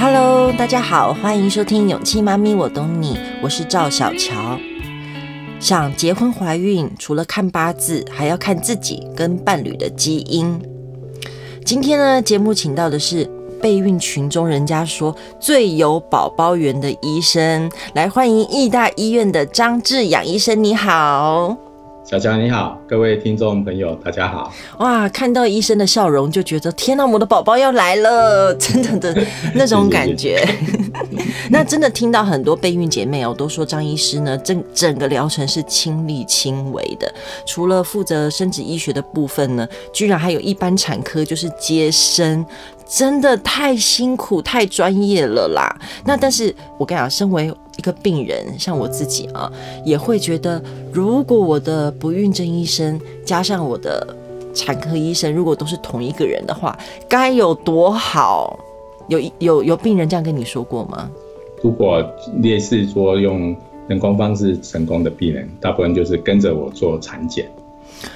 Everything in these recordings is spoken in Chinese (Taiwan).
Hello，大家好，歡迎收聽《勇氣媽咪》，我懂你，我是趙小喬。想結婚懷孕，除了看八字，還要看自己跟伴侶的基因。今天呢，節目請到的是備孕群中人家說最有寶寶緣的醫生，來歡迎義大醫院的張志仰醫生，你好。小僑你好，各位聽眾朋友大家好。哇，看到醫生的笑容就覺得天吶、啊，我的寶寶要來了，真的的那種感覺。謝謝謝謝。 那真的聽到很多備孕姐妹哦，都說張醫師呢，整整個療程是親力親為的，除了負責生殖醫學的部分呢，居然還有一般產科，就是接生。真的太辛苦，太專業了啦。那但是我跟你講，身為一個病人，像我自己啊，也會覺得，如果我的不孕症醫生加上我的產科醫生，如果都是同一個人的話，該有多好。有有有病人這樣跟你說過嗎？如果你是說用人工方式成功的病人，大部分就是跟着我做產檢。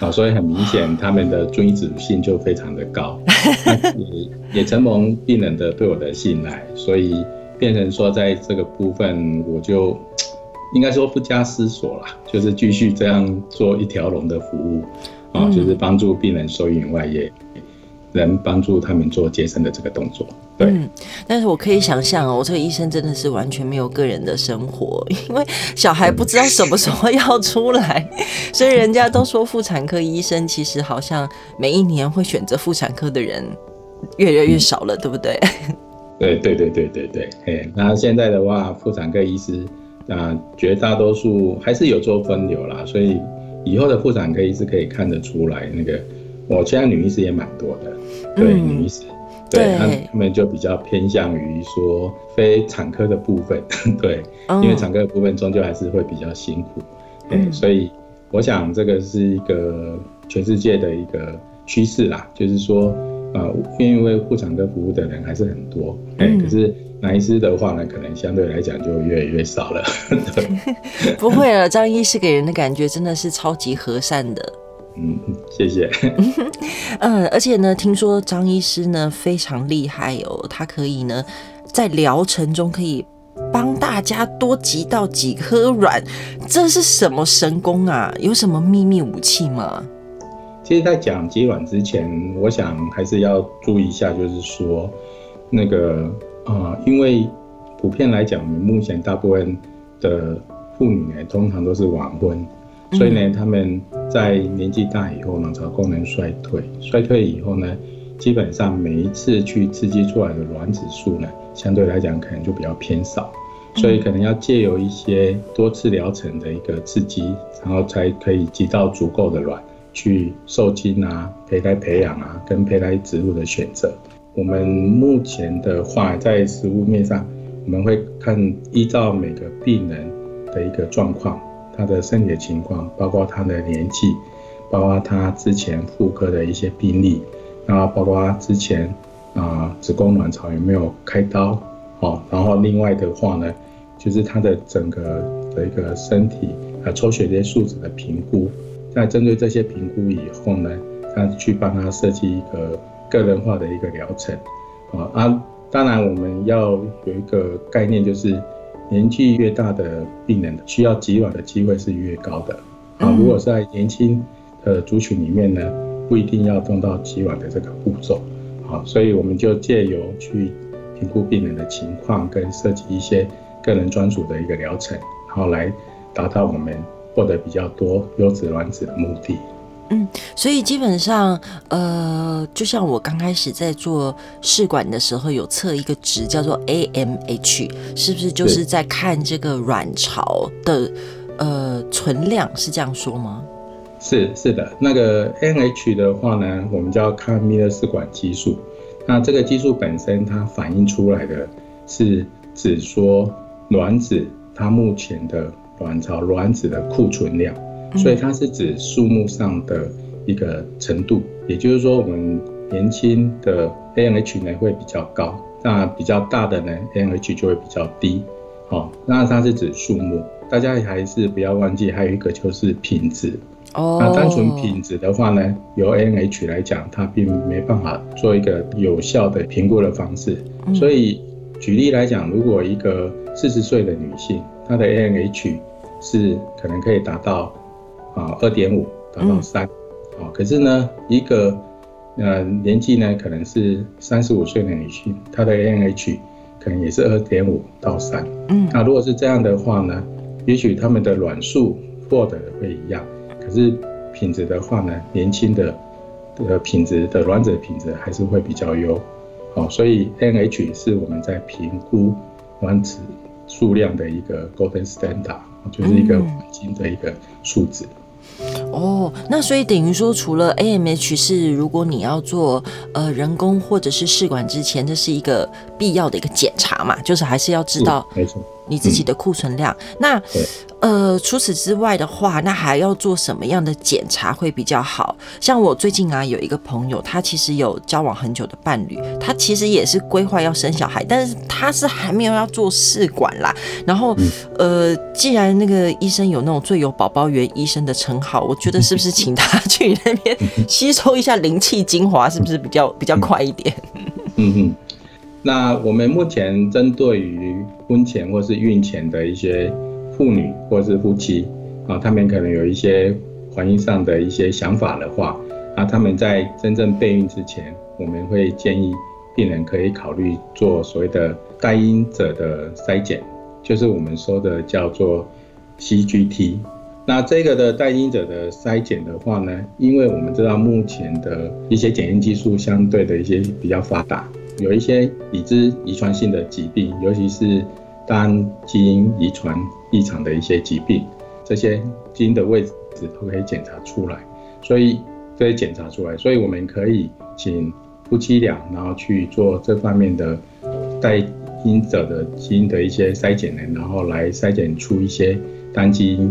啊、哦，所以很明顯，他們的遵醫囑性就非常的高， 但是也也承蒙病人的對我的信賴，所以變成說，在這個部分我就應該說不加思索啦，就是繼續這樣做一條龍的服務，啊、哦，就是幫助病人受孕以外，也能幫助他們做接生的這個動作。對嗯，但是我可以想象哦，我這個醫生真的是完全沒有個人的生活，因為小孩不知道什麼時候要出來，所、嗯、以 人家都說婦產科醫生其實好像每一年會選擇婦產科的人越來越少了，嗯、對不對？對對對對對對，那現在的話，婦產科醫師啊、呃，絕大多數還是有做分流啦。所以以後的婦產科醫師可以看得出來，那個我現在女醫師也蠻多的，對、嗯、女醫師。對，他們就比較偏向於說非產科的部分，對，嗯、因為產科的部分終究還是會比較辛苦，嗯欸，所以我想這個是一個全世界的一個趨勢啦，就是說，呃、因願意為婦產科服務的人還是很多，欸嗯，可是男醫師的話呢，可能相對來講就越來越少了。對 不會了，張醫師給人的感覺真的是超級和善的。嗯，謝謝。 嗯，而且呢，聽說張醫師呢非常厲害哦，他可以呢在療程中可以幫大家多集到幾顆卵，這是什麼神功啊？有什麼秘密武器嗎？其實，在講集卵之前，我想還是要注意一下，就是說那個啊、呃，因為普遍來講，我們目前大部分的婦女呢、欸，通常都是晚婚。所以呢，他們在年紀大以後，卵巢功能衰退，衰退以後呢，基本上每一次去刺激出來的卵子數呢，相對來講可能就比較偏少，所以可能要借由一些多次療程的一個刺激，然後才可以集到足夠的卵去受精啊、胚胎培養啊、跟胚胎植入的選擇。我們目前的話，在實務面上，我們會看依照每個病人的一個狀況。他的身體的情況，包括他的年紀，包括他之前婦科的一些病例，然後包括他之前啊、呃、子宮卵巢有沒有開刀，哦，然後另外的話呢，就是他的整個的一個身體，啊，抽血這些數值的評估，在針對這些評估以後呢，他去幫他設計一個個人化的一個療程，哦，啊，當然我們要有一個概念就是。年紀越大的病人，需要取卵的機會是越高的啊。如果在年輕的族群裡面呢，不一定要動到取卵的這個步驟啊。所以我們就借由去評估病人的情況，跟設計一些個人專屬的一個療程，然後來達到我們獲得比較多優質卵子的目的。嗯，所以基本上，呃，就像我剛開始在做試管的時候，有測一個值叫做 AMH，是不是就是在看這個卵巢的呃存量？是這樣說嗎？是，是的，那個 AMH 的話呢，我們就要看米勒試管激素。那這個激素本身，它反映出來的是只說卵子它目前的卵巢卵子的庫存量。所以它是指數目上的一個程度，也就是說，我們年輕的 AMH 呢會比較高，那比較大的呢 AMH 就會比較低，哦，那它是指數目。大家還是不要忘記，還有一個就是品質。哦。Oh。那單純品質的話呢，由 AMH 來講，它並沒辦法做一個有效的評估的方式。所以舉例來講，如果一個四十歲的女性，她的 AMH 是可能可以達到。啊、哦，二點五到三，啊、哦，可是呢，一個，呃，年紀呢可能是三十五歲的女性，她的 NH 可能也是二點五到三，那、啊、如果是這樣的話呢，也許她們的卵數獲得會一樣，可是品質的話呢，年輕的，呃，品質的卵子的品質還是會比較優，好、哦，所以 NH 是我們在評估卵子數量的一個 Golden Standard，就是一個黃金的一個數值。嗯嗯哦，那所以等於說，除了 AMH 是，如果你要做呃人工或者是試管之前，這是一個必要的一個檢查嘛，就是還是要知道。嗯。你自己的庫存量。嗯，那，呃，除此之外的話，那還要做什麼樣的檢查會比較好？像我最近啊，有一個朋友，他其實有交往很久的伴侶，他其實也是規劃要生小孩，但是他是還沒有要做試管啦。然後，嗯、呃，既然那個醫生有那種最有寶寶緣醫生的稱號，我覺得是不是請他去那邊吸收一下靈氣精華，是不是比較比較快一點？嗯嗯 那我們目前針對於婚前或是孕前的一些婦女或是夫妻啊，他們可能有一些懷孕上的一些想法的話，啊，他們在真正備孕之前，我們會建議病人可以考慮做所謂的帶因者的篩檢，就是我們說的叫做 CGT。那這個的帶因者的篩檢的話呢，因為我們知道目前的一些檢驗技術相對的一些比較發達。有一些已知遺傳性的疾病，尤其是單基因遺傳異常的一些疾病，這些基因的位置都可以檢查出來，所以可以檢查出來，所以我們可以請夫妻倆，然後去做這方面的帶因者的基因的一些篩檢的，然後來篩檢出一些單基因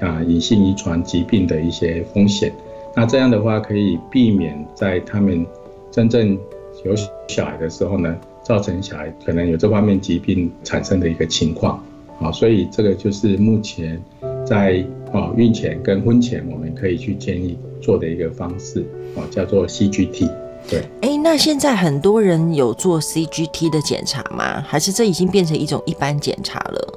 啊隱性遺傳疾病的一些風險，那這樣的話可以避免在他們真正。有小孩的時候呢，造成小孩可能有這方面疾病產生的一個情況，啊，所以這個就是目前在啊孕前跟婚前我們可以去建議做的一個方式，啊，叫做 CGT。對，哎、欸，那現在很多人有做 CGT 的檢查嗎？還是這已經變成一種一般檢查了？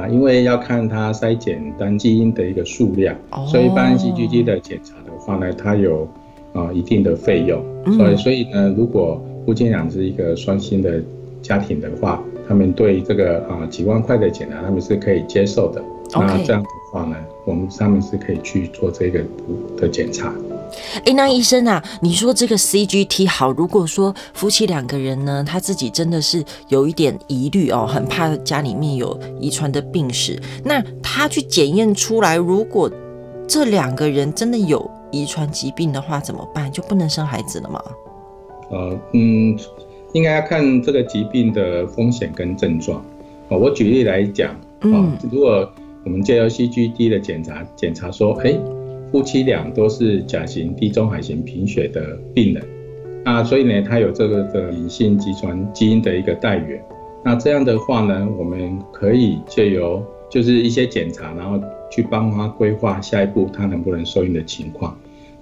啊，因為要看它篩檢單基因的一個數量，所以一般 CGT 的檢查的話呢，它有。啊、呃，一定的費用、嗯，所以所以呢，如果夫妻倆是一個雙薪的家庭的話，他們對這個啊、呃、幾萬塊的檢查，他們是可以接受的。Okay、那這樣的話呢，我們他們是可以去做這個的檢查。哎、欸，那醫生啊，你說這個 CGT 好？如果說夫妻兩個人呢，他自己真的是有一點疑慮哦，很怕家裡面有遺傳的病史，那他去檢驗出來，如果。這兩個人真的有遺傳疾病的話怎麼辦？就不能生孩子了嗎？呃，嗯，應該要看這個疾病的風險跟症狀。哦，我舉例來講，哦，嗯，如果我們借由 C G D 的檢查，檢查說，哎，夫妻倆都是甲型地中海型貧血的病人，那所以呢，他有這個的、這個、隱性遺傳基因的一個帶因。那這樣的話呢，我們可以借由就是一些檢查，然後去幫他規劃下一步他能不能受孕的情況。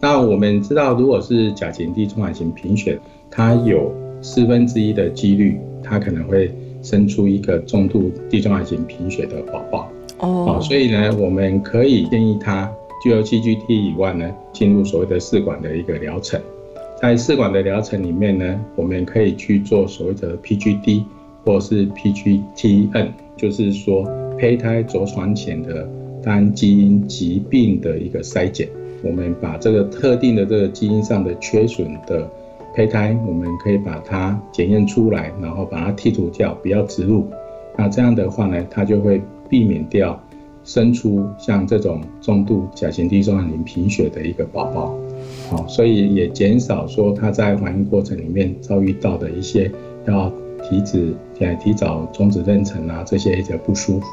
那我們知道，如果是甲型地中海型貧血，他有四分之一的幾率，他可能會生出一個重度地中海型貧血的寶寶。哦、oh. 啊，所以呢，我們可以建議他，具有 CGT 以外呢，進入所謂的試管的一個療程。在試管的療程裡面呢，我們可以去做所謂的 PGD 或是 PGTN，就是說，胚胎着床前的單基因疾病的一個篩檢，我們把這個特定的這個基因上的缺損的胚胎，我們可以把它檢驗出來，然後把它剔除掉，不要植入。那這樣的話呢，它就會避免掉生出像這種重度甲型地中海貧血的一個寶寶。好，所以也減少說他在懷孕過程裡面遭遇到的一些要。提子提早終止妊娠啊，這些一些不舒服，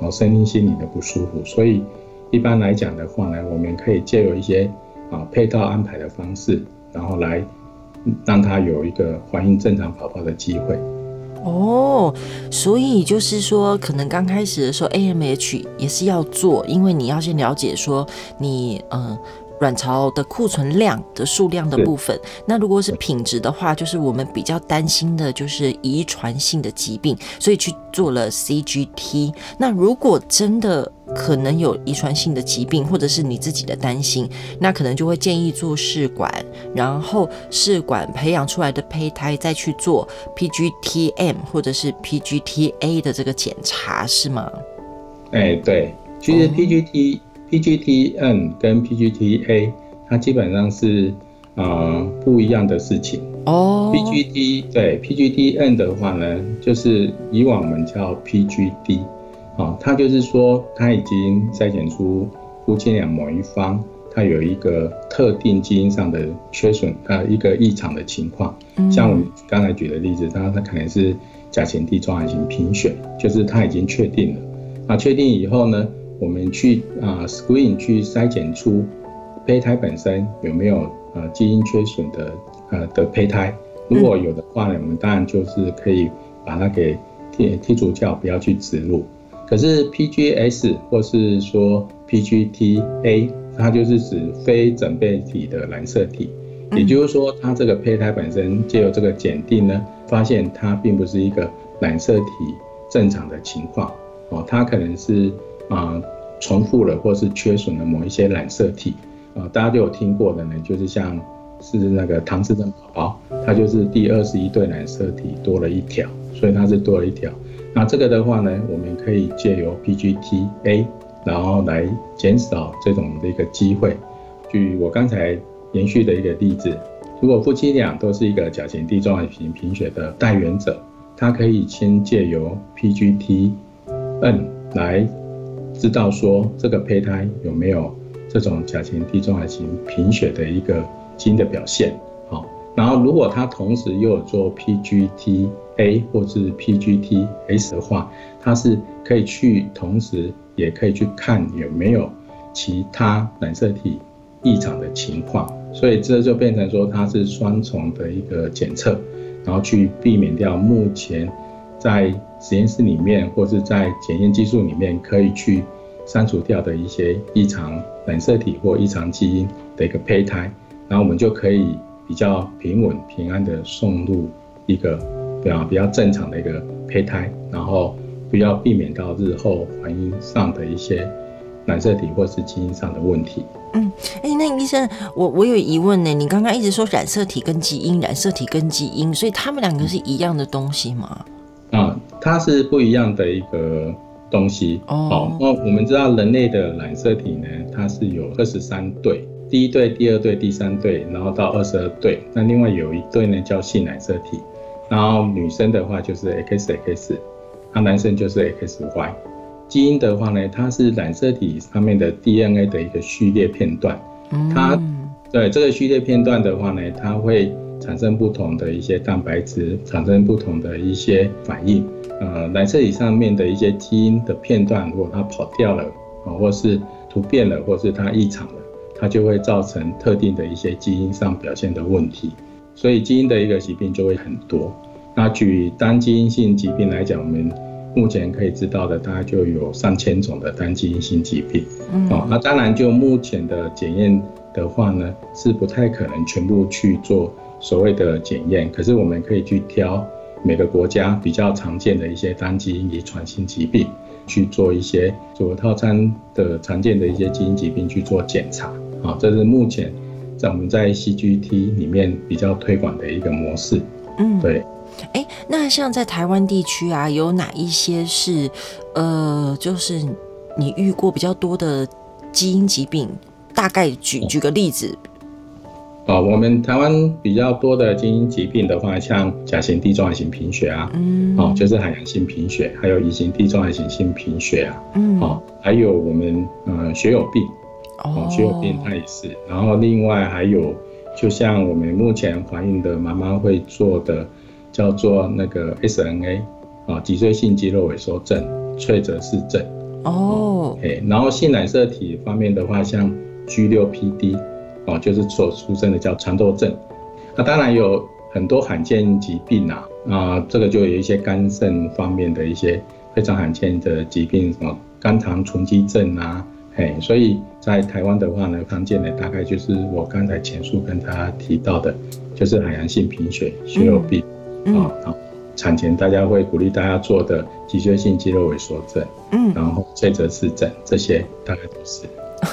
然後生理心理的不舒服，所以一般來講的話呢，我們可以藉由一些啊配套安排的方式，然後來讓他有一個懷孕正常寶寶的機會。哦，所以就是說，可能剛開始的時候 AMH 也是要做，因為你要先了解說你嗯。卵巢的庫存量的數量的部分，那如果是品質的話，就是我們比較擔心的就是遺傳性的疾病，所以去做了 CGT。那如果真的可能有遺傳性的疾病，或者是你自己的擔心，那可能就會建議做試管，然後試管培養出來的胚胎再去做 PGT-M 或者是 PGT-A 的這個檢查，是嗎？哎、欸，對，其實 PGT、oh.。PGTN 跟 PGTA，它基本上是啊、呃、不一樣的事情哦。Oh. PGD 對 PGTN 的話呢，就是以往我們叫 PGD，啊、哦，它就是說它已經篩選出夫妻倆某一方，它有一個特定基因上的缺損它、呃、一個異常的情況。像我們剛才舉的例子，它它可能是甲型地中海型貧血，就是它已經確定了。那、啊、確定以後呢？我們去啊，screen 去篩檢出胚胎本身有沒有呃基因缺損的呃的胚胎，如果有的話呢，我們當然就是可以把它給剔剔除掉，不要去植入。可是 PGS 或是說 PGT-A，它就是指非整倍體的染色體，也就是說，它這個胚胎本身借由這個檢定呢，發現它並不是一個染色體正常的情況哦，它可能是。啊、呃，重複了或是缺損了某一些染色體，啊、呃，大家都有聽過的呢，就是像是那個唐氏症寶寶，他就是第二十一對染色體多了一條，所以他是多了一條。那這個的話呢，我們可以借由 PGT A，然後來減少這種的一個機會。據我剛才延續的一個例子，如果夫妻倆都是一個甲型地中海型貧血的帶因者，他可以先借由 PGT N 來。知道說這個胚胎有沒有這種甲型地中海型貧血的一個基因的表現，好，然後如果他同時又有做 PGT A 或者是 PGT S 的話，他是可以去同時也可以去看有沒有其他染色體異常的情況，所以這就變成說它是雙重的一個檢測，然後去避免掉目前，在實驗室裡面，或是在檢驗技術裡面，可以去刪除掉的一些異常染色體或異常基因的一個胚胎，然後我們就可以比較平穩、平安的送入一個比較比較正常的一個胚胎，然後不要避免到日後懷孕上的一些染色體或是基因上的問題。嗯，哎、欸，那醫生，我我有疑問呢、欸，你剛剛一直說染色體跟基因，染色體跟基因，所以他們兩個是一樣的東西嗎？嗯啊、哦，它是不一樣的一個東西。Oh. 哦，那我們知道人類的染色體呢，它是有二十三對，第一對、第二對、第三對，然後到二十二對。那另外有一對呢叫性染色體。然後女生的話就是 X X，那男生就是 X Y。基因的話呢，它是染色體上面的 DNA 的一個序列片段。它、oh. 對這個序列片段的話呢，它會。產生不同的一些蛋白質，產生不同的一些反應。呃，染色體上面的一些基因的片段，如果它跑掉了，啊、哦，或是突變了，或是它異常了，它就會造成特定的一些基因上表現的問題。所以，基因的一個疾病就會很多。那舉單基因性疾病來講，我們目前可以知道的，大概就有上千種的單基因性疾病。嗯、哦，那當然，就目前的檢驗的話呢，是不太可能全部去做。所謂的檢驗，可是我們可以去挑每個國家比較常見的一些單基因遺傳性疾病去做一些組合套餐的常見的一些基因疾病去做檢查。好，這是目前在我們在 CGT 裡面比較推廣的一個模式。嗯，對。哎，那像在台灣地區啊，有哪一些是呃，就是你遇過比較多的基因疾病？大概舉舉個例子。嗯哦，我們台灣比較多的基因疾病的話，像甲型地中海型貧血啊，嗯，哦，就是海洋性貧血，還有乙型地中海性貧血啊，嗯，好、哦，還有我們呃血友病，哦，血友病它也是、哦，然後另外還有，就像我們目前懷孕的媽媽會做的，叫做那個 SNA，啊、哦，脊髓性肌肉萎縮症、脆折氏症，哦，哎、嗯，然後性染色體方面的話，像 G6PD。哦，就是所出生的叫蠶豆症，那、啊、當然有很多罕見疾病啊，啊，這個就有一些肝腎方面的一些非常罕見的疾病，什麼肝醣儲積症啊，哎，所以在台灣的話呢，常見的大概就是我剛才前述跟大家提到的，就是海洋性貧血、血友病、嗯哦嗯、啊，產前大家會鼓勵大家做的脊椎性肌肉萎縮症，嗯，然後脆折氏症，這些大概都、就是。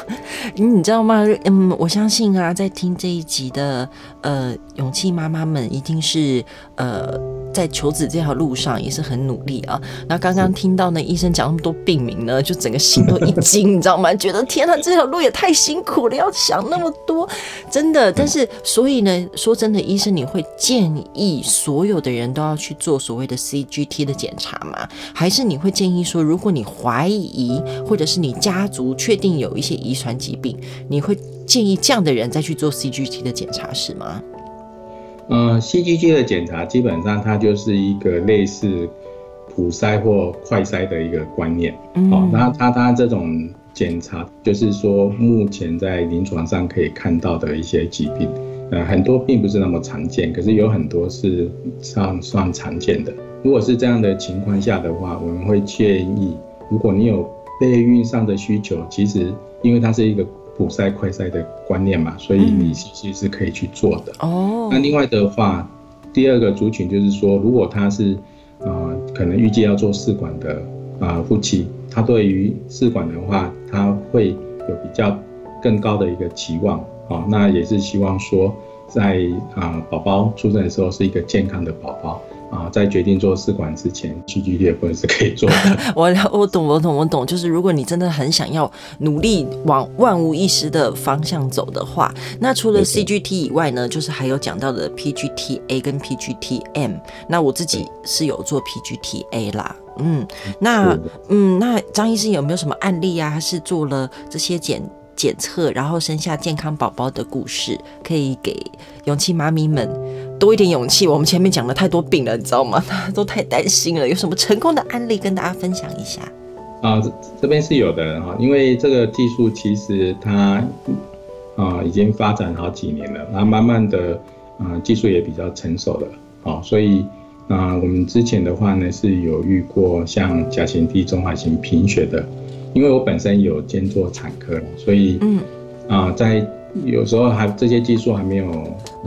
嗯嗯、你知道嗎？嗯，我相信啊，在聽這一集的呃，勇氣媽媽們一定是呃。在求子這條路上也是很努力啊。那剛剛聽到呢，醫生講那麼多病名呢，就整個心都一驚，你知道嗎？覺得天啊，這條路也太辛苦了，要想那麼多，真的。但是，所以呢，說真的，醫生，你會建議所有的人都要去做所謂的 CGT 的檢查嗎？還是你會建議說，如果你懷疑，或者是你家族確定有一些遺傳疾病，你會建議這樣的人再去做 CGT 的檢查，是嗎？呃、嗯、CGG 的檢查基本上它就是一個類似普篩或快篩的一個觀念，好、嗯，那、哦、它它，它這種檢查就是說，目前在臨床上可以看到的一些疾病，呃，很多並不是那麼常見，可是有很多是算算常見的。如果是這樣的情況下的話，我們會建議，如果你有備孕上的需求，其實因為它是一個。補塞、快塞的觀念嘛，所以你其實是可以去做的。哦、嗯，那另外的話，第二個族群就是說，如果他是啊、呃，可能預計要做試管的啊、呃、夫妻，他對於試管的話，他會有比較更高的一個期望啊、哦，那也是希望說在，在啊寶寶出生的時候是一個健康的寶寶。啊，在決定做試管之前，CGT 也不是可以做的。我 我懂，我懂，我懂。就是如果你真的很想要努力往萬無一失的方向走的話，那除了 CGT 以外呢，對對對，就是還有講到的 PGTA 跟 PGTM。那我自己是有做 PGTA 啦，嗯，那嗯，那張醫生有沒有什麼案例啊？他是做了這些檢檢測，然後生下健康寶寶的故事，可以給勇氣媽咪們。嗯多一點勇氣，我們前面講了太多病了，你知道嗎？大家都太擔心了。有什麼成功的案例跟大家分享一下？啊、呃，這邊是有的哈，因為這個技術其實它啊、呃、已經發展好幾年了，然後慢慢的啊、呃、技術也比較成熟了，呃、所以啊、呃、我們之前的話呢是有遇過像甲型、地中海型貧血的，因為我本身有兼做產科所以嗯啊、呃、在。有時候還這些技術還沒有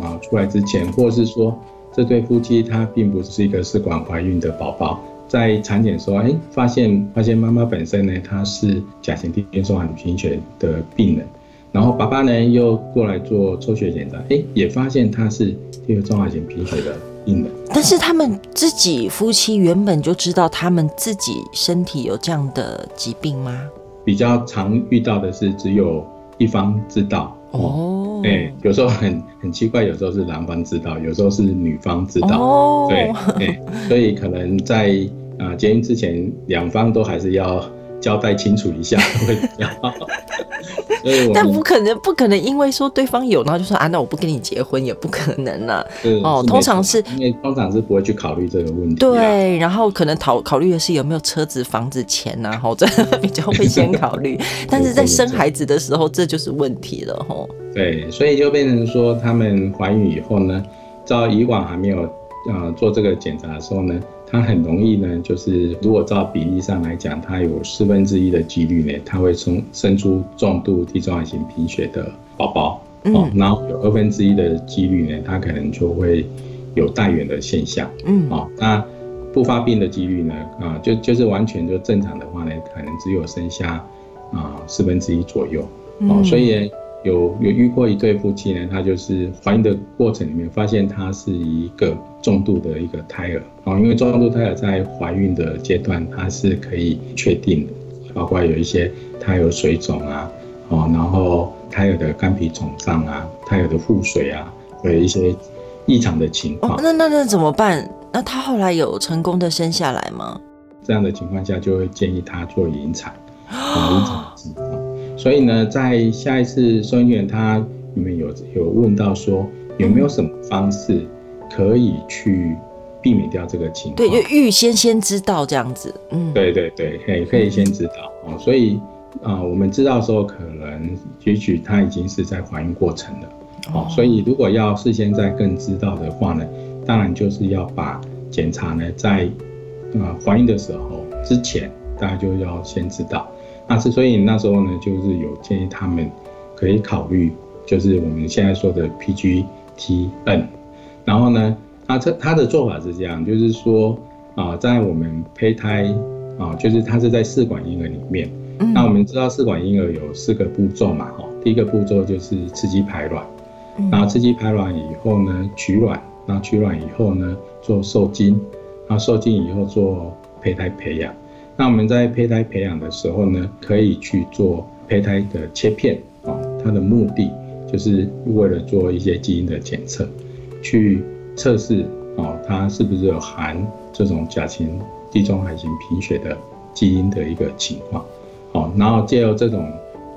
啊出來之前，或是說這對夫妻他並不是一個試管懷孕的寶寶，在產檢時候，哎、欸、發現發現媽媽本身呢她是甲型地中海性貧血的病人，然後爸爸呢又過來做抽血檢查，哎、欸、也發現他是地中海型貧血的病人。但是他們自己夫妻原本就知道他們自己身體有這樣的疾病嗎？比較常遇到的是只有一方知道。哦，欸，有時候很很奇怪，有時候是男方知道，有時候是女方知道，oh. 對對、欸，所以可能在啊結婚之前，兩方都還是要。交代清楚一下會比較好， 但不可能，不可能，因為說對方有，然後就說啊，那我不跟你結婚也不可能啊。哦，通常是，通常是，通常是不會去考慮這個問題，啊。對，然後可能考考慮的是有沒有車子、房子、啊、錢、哦、吶，這個比較會先考慮。 但是在生孩子的時候， 這就是問題了吼，哦。對，所以就變成說，他們懷孕以後呢，在以往還沒有、呃、做這個檢查的時候呢。它很容易呢，就是如果照比例上來講，它有四分之一的幾率呢，它會生生出重度地中海型貧血的寶寶、嗯，哦，然後有二分之一的幾率呢，它可能就會有帶因的現象，嗯，哦，那不發病的幾率呢，啊、呃，就就是完全就正常的話呢，可能只有生下啊、呃、四分之一左右，哦，嗯、所以，有有遇過一對夫妻呢，他就是懷孕的過程裡面發現他是一個重度的一個胎兒，哦，因為重度胎兒在懷孕的階段她是可以確定的，包括有一些胎兒有水腫啊，哦，然後胎兒的肝脾腫脹啊，胎兒的腹水啊，有一些異常的情況，哦。那那那，那怎麼辦？那他後來有成功的生下來嗎？這樣的情況下就會建議他做引產，引產。哦所以呢，在下一次收音，他你們有有問到說有沒有什麼方式可以去避免掉這個情況？對，就預先先知道這樣子。嗯，對對對，可以可以先知道啊、嗯哦。所以啊、呃，我們知道說可能也許她已經是在懷孕過程了。哦、嗯，所以如果要事先再更知道的話呢，當然就是要把檢查呢在啊懷孕的時候之前，大家就要先知道。那、啊、是，所以那時候呢，就是有建議他們可以考慮，就是我們現在說的 PGT-N。然後呢，他、啊、這他的做法是這樣，就是說啊，在我們胚胎啊，就是他是在試管嬰兒裡面、嗯。那我們知道試管嬰兒有四個步驟嘛，哈，第一個步驟就是刺激排卵。然後刺激排卵以後呢，取卵，然後取卵以後呢，做受精，然後受精以後做胚胎培養。那我們在胚胎培養的時候呢，可以去做胚胎的切片啊、哦，它的目的就是為了做一些基因的檢測，去測試哦，它是不是有含這種甲型地中海型貧血的基因的一個情況，好、哦，然後借由這種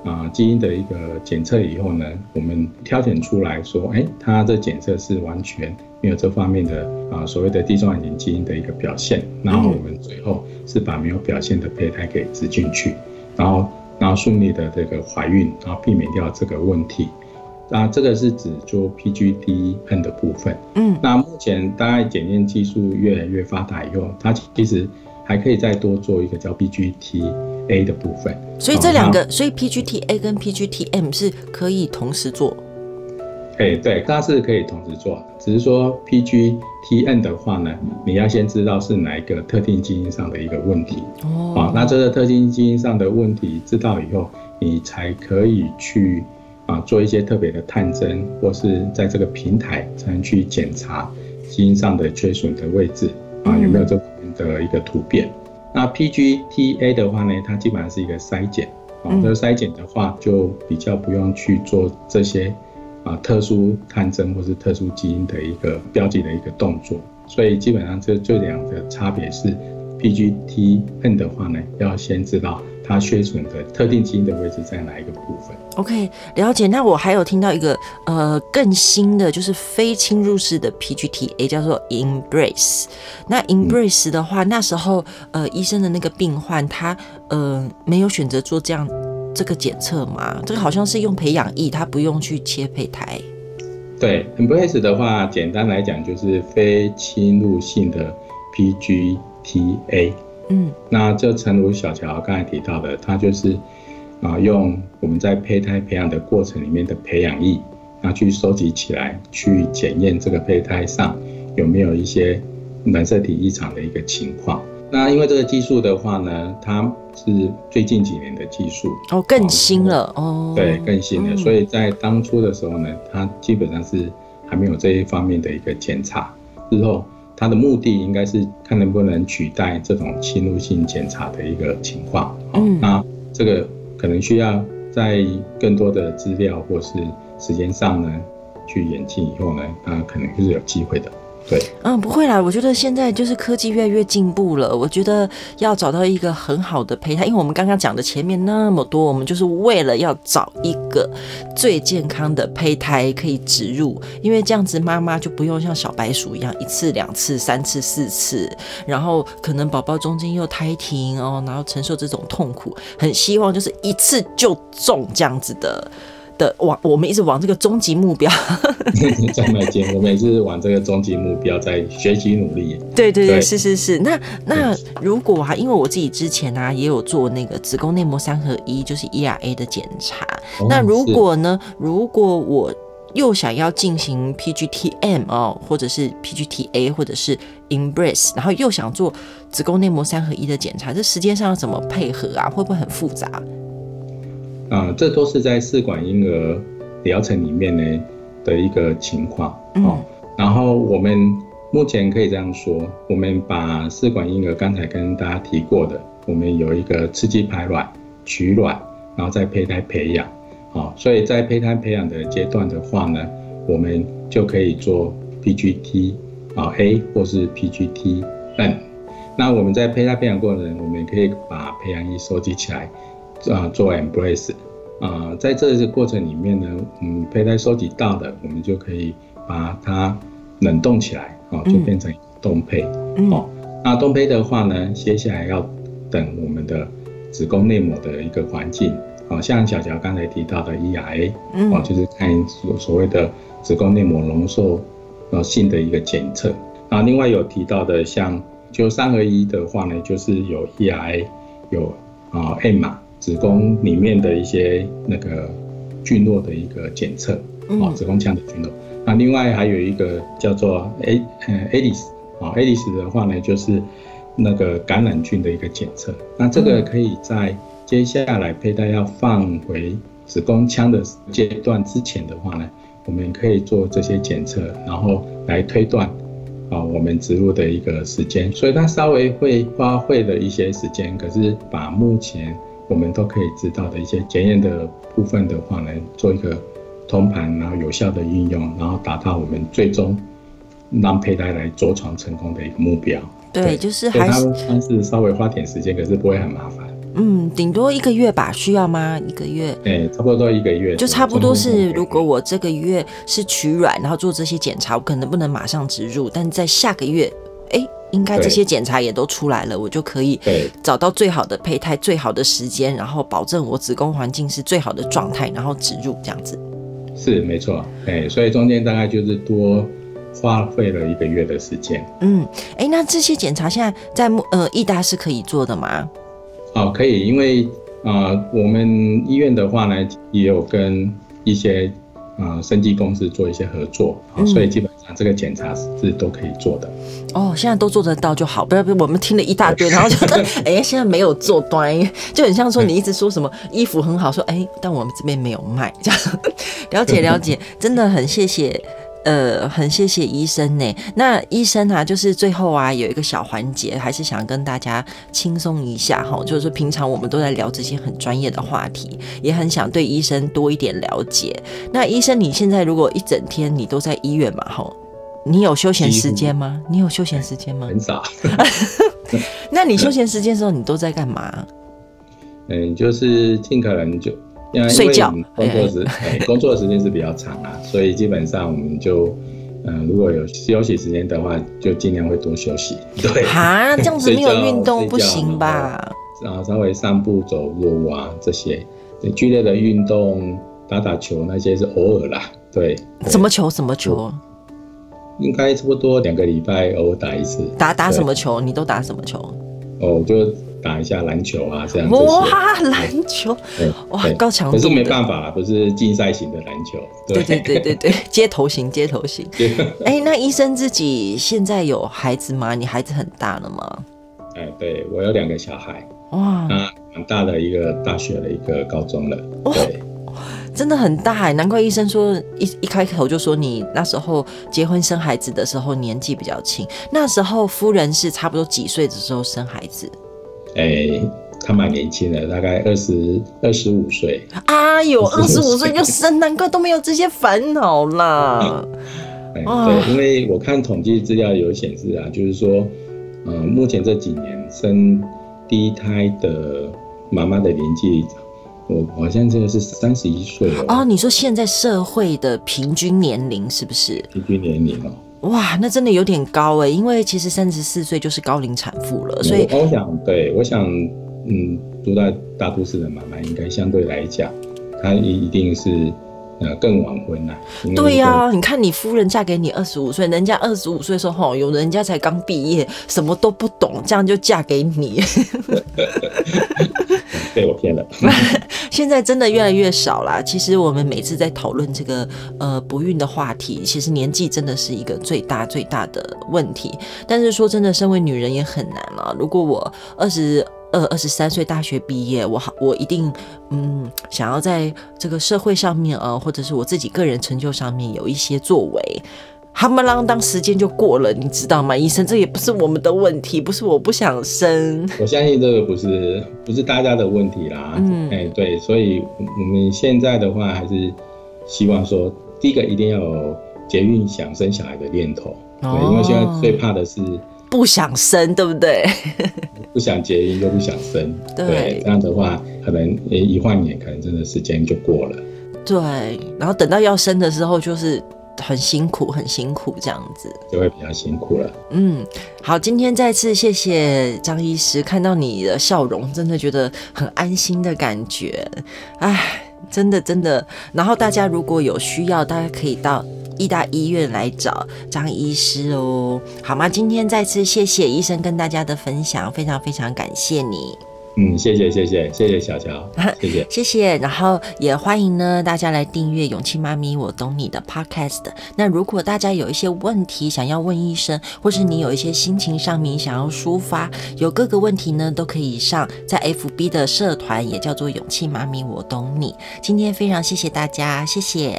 啊、呃、基因的一個檢測以後呢，我們挑選出來說，哎、欸，它的檢測是完全。沒有這方面的啊，所謂的地中海型基因的一個表現，嗯，然後我們最後是把沒有表現的胚胎給植進去，然後然後順利的這個懷孕，然後避免掉這個問題。那、啊、這個是指做 PGT M 的部分。嗯，那目前大概檢驗技術越來越發達以後，它其實還可以再多做一個叫 PGT A 的部分、啊。所以這兩個，所以 PGT A 跟 PGT M 是可以同時做。誒，對，它是可以同時做，只是說 P G T N 的話呢，你要先知道是哪一個特定基因上的一個問題哦、啊。那這個特定基因上的問題知道以後，你才可以去啊做一些特別的探針，或是在這個平台才能去檢查基因上的缺損的位置啊，有沒有這的一個突變。嗯、那 P G T A 的話呢，它基本上是一個篩檢，啊，這個篩檢的話就比較不用去做這些。啊，特殊探針或是特殊基因的一個標記的一個動作，所以基本上這這兩個差別是 P G T N 的話呢，要先知道它缺損的特定基因的位置在哪一個部分。OK，了解。那我還有聽到一個呃更新的，就是非侵入式的 P G T A，叫做 Embrace。那 Embrace 的話、嗯，那時候呃醫生的那個病患他呃沒有選擇做這樣的。這個檢測嘛，這個好像是用培養液，它不用去切胚胎。對 Embrace 的話，簡單來講就是非侵入性的 PGT-A。嗯，那就，誠如小喬剛才提到的，它就是啊，用我們在胚胎培養的過程裡面的培養液，然後、啊、去收集起來，去檢驗這個胚胎上有沒有一些染色體異常的一個情況。那因為這個技術的話呢，它是最近幾年的技術哦，oh，更新了哦，oh。對，更新了。Oh。所以在當初的時候呢，他基本上是還沒有這一方面的一個檢查。之後他的目的應該是看能不能取代這種侵入性檢查的一個情況。嗯，oh. oh。那這個可能需要在更多的資料或是時間上呢去演進以後呢，那可能就是有機會的。對，嗯，不會啦。我覺得現在就是科技越來越進步了。我覺得要找到一個很好的胚胎，因為我們剛剛講的前面那麼多，我們就是為了要找一個最健康的胚胎可以植入，因為這樣子媽媽就不用像小白鼠一樣一次、兩次、三次、四次，然後可能寶寶中間又胎停哦，然後承受這種痛苦。很希望就是一次就中這樣子的。的往我們一直往這個終極目標，我每次往這個終極目標在學習努力。對對對，對是是是。那那如果啊，因為我自己之前啊也有做那個子宮內膜三合一，就是 ERA 的檢查。哦，那如果呢？如果我又想要進行 PGT-M 哦，或者是 PGTA，或者是 Embrace，然後又想做子宮內膜三合一的檢查，這時間上要怎麼配合啊？會不會很複雜？啊、呃，這都是在試管嬰兒療程裡面呢的一個情況啊、嗯哦。然後我們目前可以這樣說，我們把試管嬰兒剛才跟大家提過的，我們有一個刺激排卵、取卵，然後在胚胎培養啊、哦。所以在胚胎培養的階段的話呢，我們就可以做 PGT 啊、哦、A 或是 PGT N。那我們在胚胎培養過程，我們可以把培養液收集起來。啊，做 e m b r a c e 啊，在這個過程裡面呢，嗯，胚胎收集到的，我們就可以把它冷凍起來，啊、呃，就變成凍胚，哦、呃嗯嗯呃，那凍胚的話呢，接下來要等我們的子宮內膜的一個環境，啊、呃，像小喬剛才提到的 ERA，哦，就是看所所謂的子宮內膜容受呃性的一個檢測，啊、呃，另外有提到的像就三合一的話呢，就是有 ERA，有啊 AMA。呃 AMA, 子宮裡面的一些那個菌落的一個檢測，啊、嗯，子宮腔的菌落。那另外還有一個叫做 A，呃 Alice 啊，Alice 的話呢，就是那個感染菌的一個檢測。那這個可以在接下來胚胎要放回子宮腔的階段之前的話呢，我們可以做這些檢測，然後來推斷，啊，我們植入的一個時間。所以它稍微會花費了一些時間，可是把目前。我們都可以知道的一些檢驗的部分的話來做一個通盤，然後有效的運用，然後達到我們最終讓胚胎來着床成功的一個目標。對，對就是還是還是稍微花點時間，可是不會很麻煩。嗯，頂多一個月吧，需要嗎？一個月？哎，差不多一個月。就差不多是，如果我這個月是取卵，然後做這些檢查，我可能不能馬上植入，但在下個月，哎、欸。應該這些檢查也都出來了，我就可以找到最好的胚胎、最好的時間，然後保證我子宮環境是最好的狀態，然後植入這樣子。是沒錯，哎，所以中間大概就是多花費了一個月的時間。嗯，哎、欸，那這些檢查現在在呃，益達是可以做的嗎？哦，可以，因為啊、呃、我們醫院的話呢，也有跟一些啊、呃、生技公司做一些合作，嗯、所以基本。這個檢查是都可以做的哦，現在都做得到就好。不要，不要，我們聽了一大堆， 然後覺得哎，現在沒有做端，就很像說你一直說什麼、欸、衣服很好，說哎、欸，但我們這邊沒有賣，這樣了解了解，真的很謝謝。呃，很謝謝醫生呢。那醫生啊，就是最後啊，有一個小環節，還是想跟大家輕鬆一下哈。就是說，平常我們都在聊這些很專業的話題，也很想對醫生多一點了解。那醫生，你現在如果一整天你都在醫院嘛，哈，你有休閒時間嗎？你有休閒時間嗎？很少。 那你休閒時間的時候，你都在幹嘛？嗯、欸，就是盡可能就。因為工作時，工作時間是比較長啊， 所以基本上我們就，嗯、呃，如果有休息時間的話，就盡量會多休息。對啊，這樣子沒有運動不行吧？然、喔、後稍微散步走路啊這些，劇烈的運動打打球那些是偶爾啦。對，對，什麼球？什麼球？應該差不多兩個禮拜偶爾打一次。打打什麼球？你都打什麼球？哦、喔，就。打一下籃球啊，這樣子。哇，籃球，哇，高強度。可是沒辦法，不是競賽型的籃球對。對對對對對街頭型，街頭型。哎、欸，那醫生自己現在有孩子嗎？你孩子很大了嗎？哎，對我有兩個小孩。哇，那蠻大的，一個大學了一個高中了。對，真的很大哎，難怪醫生說一一開口就說你那時候結婚生孩子的時候年紀比較輕。那時候夫人是差不多幾歲的時候生孩子？哎、欸，他蠻年輕的，大概20、哎、二十二十五歲。啊有二十五歲就生，難怪都沒有這些煩惱啦。哎、啊哦，對，因為我看統計資料有顯示啊，就是說，嗯、呃，目前這幾年生第一胎的媽媽的年紀，我好像這個是三十一歲啊，哦，你說現在社會的平均年齡是不是？平均年齡哦。哇，那真的有點高哎、欸，因為其實三十四歲就是高齡產婦了，所以我想，對，我想，嗯，住在大，大都市的媽媽應該相對來講，她一一定是。那更晚婚了。對呀，你看你夫人嫁給你二十五歲，人家二十五歲的時候，吼，有人家才剛畢業，什麼都不懂，這樣就嫁給你， 被我騙了。 現在真的越來越少了。其實我們每次在討論這個呃不孕的話題，其實年紀真的是一個最大最大的問題。但是說真的，身為女人也很難了。如果我二十。二二十三歲大學畢業，我好，我一定，嗯，想要在這個社會上面啊、呃，或者是我自己個人成就上面有一些作為，夯不啷當，時間就過了，你知道嗎？醫生，這也不是我們的問題，不是我不想生。我相信這個不是不是大家的問題啦，嗯，欸、對，所以我們現在的話，還是希望說，第一個一定要有結婚想生小孩的念頭、哦，對，因為現在最怕的是。不想生，對不對？ 不想結婚又不想生，對，對這樣的話可能一換年，可能真的時間就過了。對，然後等到要生的時候，就是很辛苦，很辛苦這樣子，就會比較辛苦了。嗯，好，今天再次謝謝張醫師，看到你的笑容，真的覺得很安心的感覺。哎，真的真的。然後大家如果有需要，大家可以到。義大醫院來找張醫師哦，好嗎？今天再次謝謝醫生跟大家的分享，非常非常感謝你。嗯，謝謝謝謝謝謝小喬，喬，謝謝、哈、謝謝。然後也歡迎呢大家來訂閱《勇氣媽咪我懂你》的 Podcast。那如果大家有一些問題想要問醫生，或是你有一些心情上面想要抒發，有各個問題呢都可以上在 FB 的社團，也叫做《勇氣媽咪我懂你》。今天非常謝謝大家，謝謝。